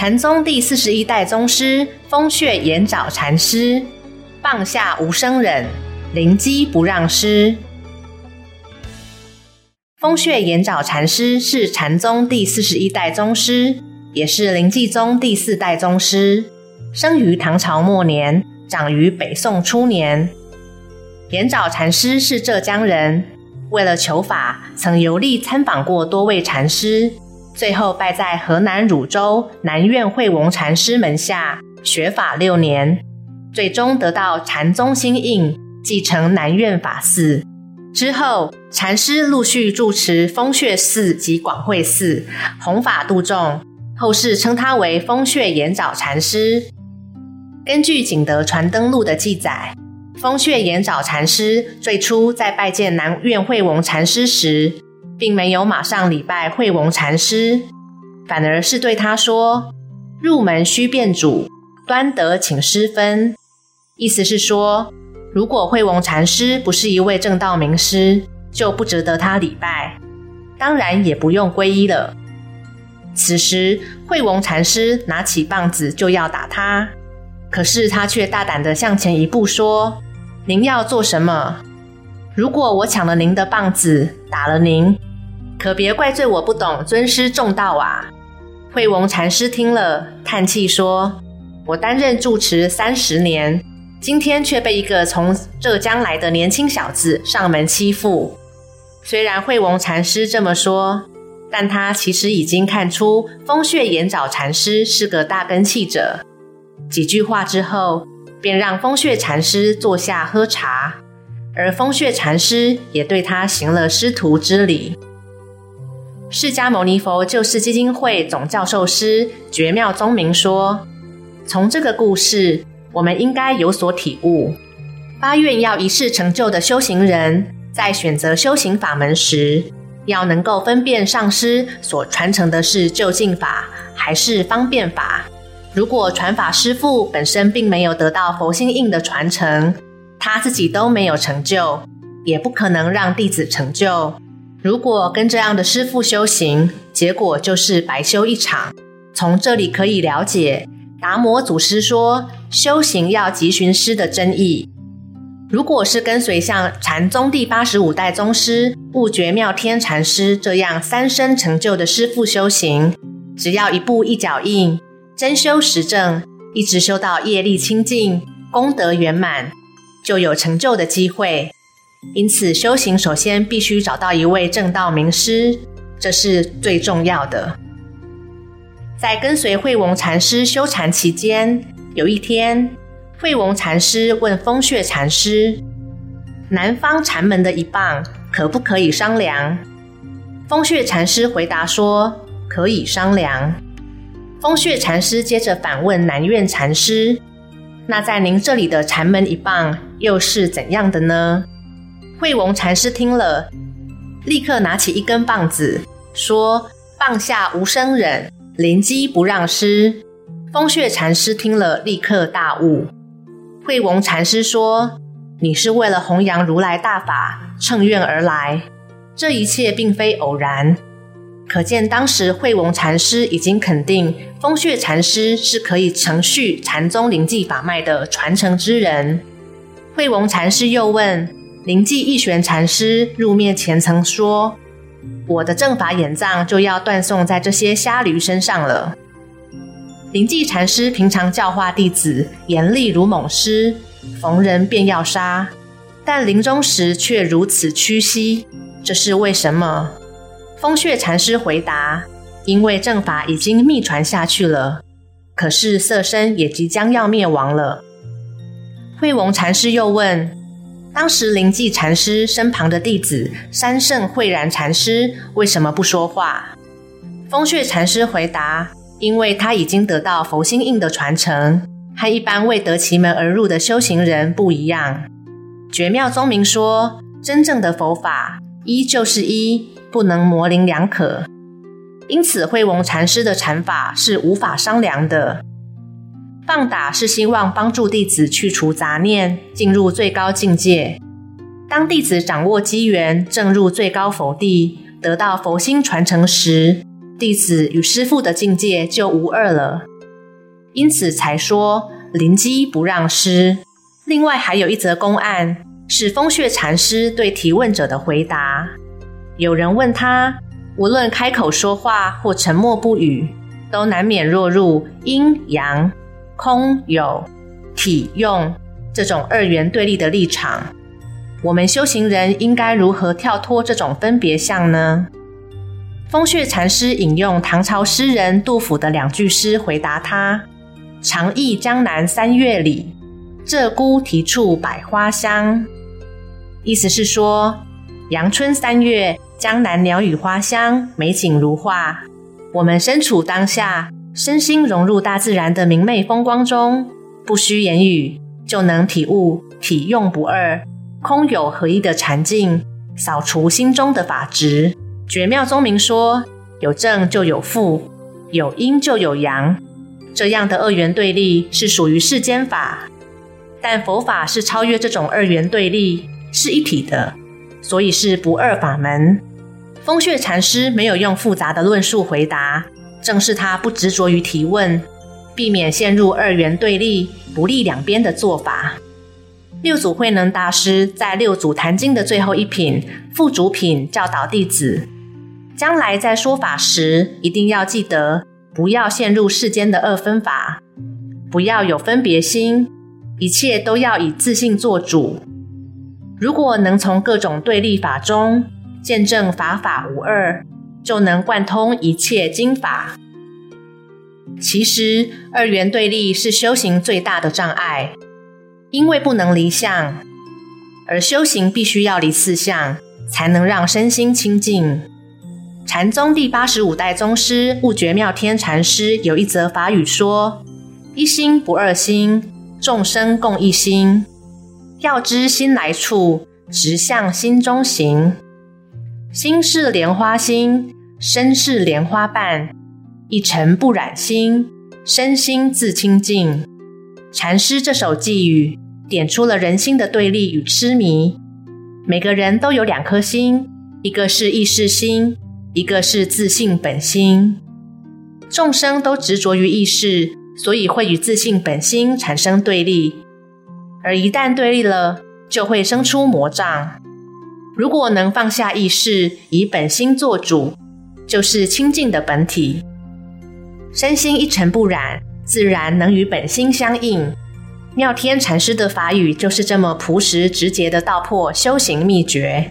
禪宗第四十一代宗師風穴延沼禪師，棒下無生忍，臨機不讓師。風穴延沼禪師是禪宗第四十一代宗師，也是臨濟宗第四代宗師，生於唐朝末年，長於北宋初年。延沼禪師是浙江人，為了求法，曾遊歷參訪過多位禪師。最後拜在河南汝州南院慧顒禪師門下，學法六年，最終得到禪宗心印，繼承南院法嗣。之後，禪師陸續住持風穴寺及廣慧寺，弘法度眾，後世稱他為風穴延沼禪師。根據《景德傳燈錄》的記載，風穴延沼禪師最初在拜見南院慧顒禪師時，並沒有馬上禮拜慧顒禪師，反而是對他說：“入門須辨主，端的請師分。”意思是說，如果慧顒禪師不是一位正道明師，就不值得他禮拜，當然也不用皈依了。此時，慧顒禪師拿起棒子就要打他，可是他卻大膽地向前一步說：“您要做什麼？如果我搶了您的棒子，打了您。”可別怪罪我不懂尊師重道啊！慧顒禪師聽了，嘆氣說：“我擔任住持三十年，今天卻被一個從浙江來的年輕小子上門欺負。”雖然慧顒禪師這麼說，但他其實已經看出風穴延沼禪師是個大根器者。幾句話之後，便讓風穴禪師坐下喝茶，而風穴禪師也對他行了師徒之禮。釋迦牟尼佛救世基金會總教授師絕妙宗明說：“從這個故事，我們應該有所體悟。發願要一世成就的修行人，在選擇修行法門時，要能夠分辨上師所傳承的是究竟法還是方便法。如果傳法師父本身並沒有得到佛心印的傳承，他自己都沒有成就，也不可能讓弟子成就。”如果跟這樣的師父修行，結果就是白修一場。從這裡可以了解，達摩祖師說修行要集尋師的真意。如果是跟隨像禪宗第八十五代宗師悟覺妙天禪師這樣三生成就的師父修行，只要一步一腳印，真修實證，一直修到業力清淨、功德圓滿，就有成就的機會。因此，修行首先必須找到一位正道名師，這是最重要的。在跟隨慧顒禪師修禪期間，有一天，慧顒禪師問風穴禪師：“南方禪門的一棒，可不可以商量？”風穴禪師回答說：“可以商量。”風穴禪師接着反問南院禪師：“那在您這裡的禪門一棒，又是怎樣的呢？”惠顒禪師聽了，立刻拿起一根棒子，說：“棒下無生忍，臨機不讓師。”風穴禪師聽了，立刻大悟。慧顒禪師說：“你是為了弘揚如來大法，乘願而來，這一切並非偶然。”可見當時惠顒禪師已經肯定風穴禪師是可以承續禪宗臨濟法脈的傳承之人。惠顒禪師又問。靈濟義玄禪師入滅前曾說：“我的正法眼藏就要斷送在這些瞎驢身上了。”臨濟禪師平常教化弟子嚴厲如猛獅，逢人便要殺，但臨終時卻如此屈膝，這是為什麼？風穴禪師回答：“因為正法已經密傳下去了，可是色身也即將要滅亡了。”慧顒禪師又問。當時臨濟禪師身旁的弟子三聖慧然禪師為什麼不說話？風穴禪師回答：“因為他已經得到佛心印的傳承，和一般未得其門而入的修行人不一樣。”絕妙宗明說：“真正的佛法，一就是一，不能模棱兩可。因此，慧顒禪師的禪法是無法商量的。”棒打是希望幫助弟子去除雜念，進入最高境界。當弟子掌握機緣，證入最高佛地，得到佛心傳承時，弟子與師父的境界就無二了。因此才說“臨機不讓師”。另外還有一則公案，是風穴禪師對提問者的回答。有人問他，無論開口說話或沉默不語，都難免落入陰陽。空有、體用這種二元對立的立場，我們修行人應該如何跳脫這種分別相呢？風穴禪師引用唐朝詩人杜甫的兩句詩回答他：“長憶江南三月裡，鷓鴣啼處百花香。”意思是說，陽春三月，江南鳥語花香，美景如畫。我們身處當下。身心融入大自然的明媚風光中，不需言語就能體悟體用不二、空有合一的禪境，掃除心中的法執。絕妙宗明說：有正就有負，有陰就有陽，這樣的二元對立是屬於世間法，但佛法是超越這種二元對立，是一體的，所以是不二法門。風穴禪師沒有用複雜的論述回答。正是他不執着於提問，避免陷入二元對立、不立兩邊的做法。六祖慧能大師在《六祖壇經》的最後一品《附囑品》教導弟子：將來在說法時，一定要記得不要陷入世間的二分法，不要有分別心，一切都要以自信做主。如果能從各種對立法中見證法法無二。就能貫通一切經法。其實，二元對立是修行最大的障礙，因為不能離相，而修行必須要離四相，才能讓身心清淨。禪宗第八十五代宗師悟覺妙天禪師有一則法語說：“一心不二心，眾生共一心。要知心來處，直向心中行。”心是蓮花心，身是蓮花瓣，一塵不染心，身心自清淨。禪師這首偈語點出了人心的對立與痴迷。每個人都有兩顆心，一個是意識心，一個是自信本心。眾生都執着於意識，所以會與自信本心產生對立，而一旦對立了，就會生出魔障。如果能放下意識，以本心做主，就是清淨的本體，身心一塵不染，自然能與本心相應。妙天禪師的法語就是這麼樸實、直接的道破修行秘訣。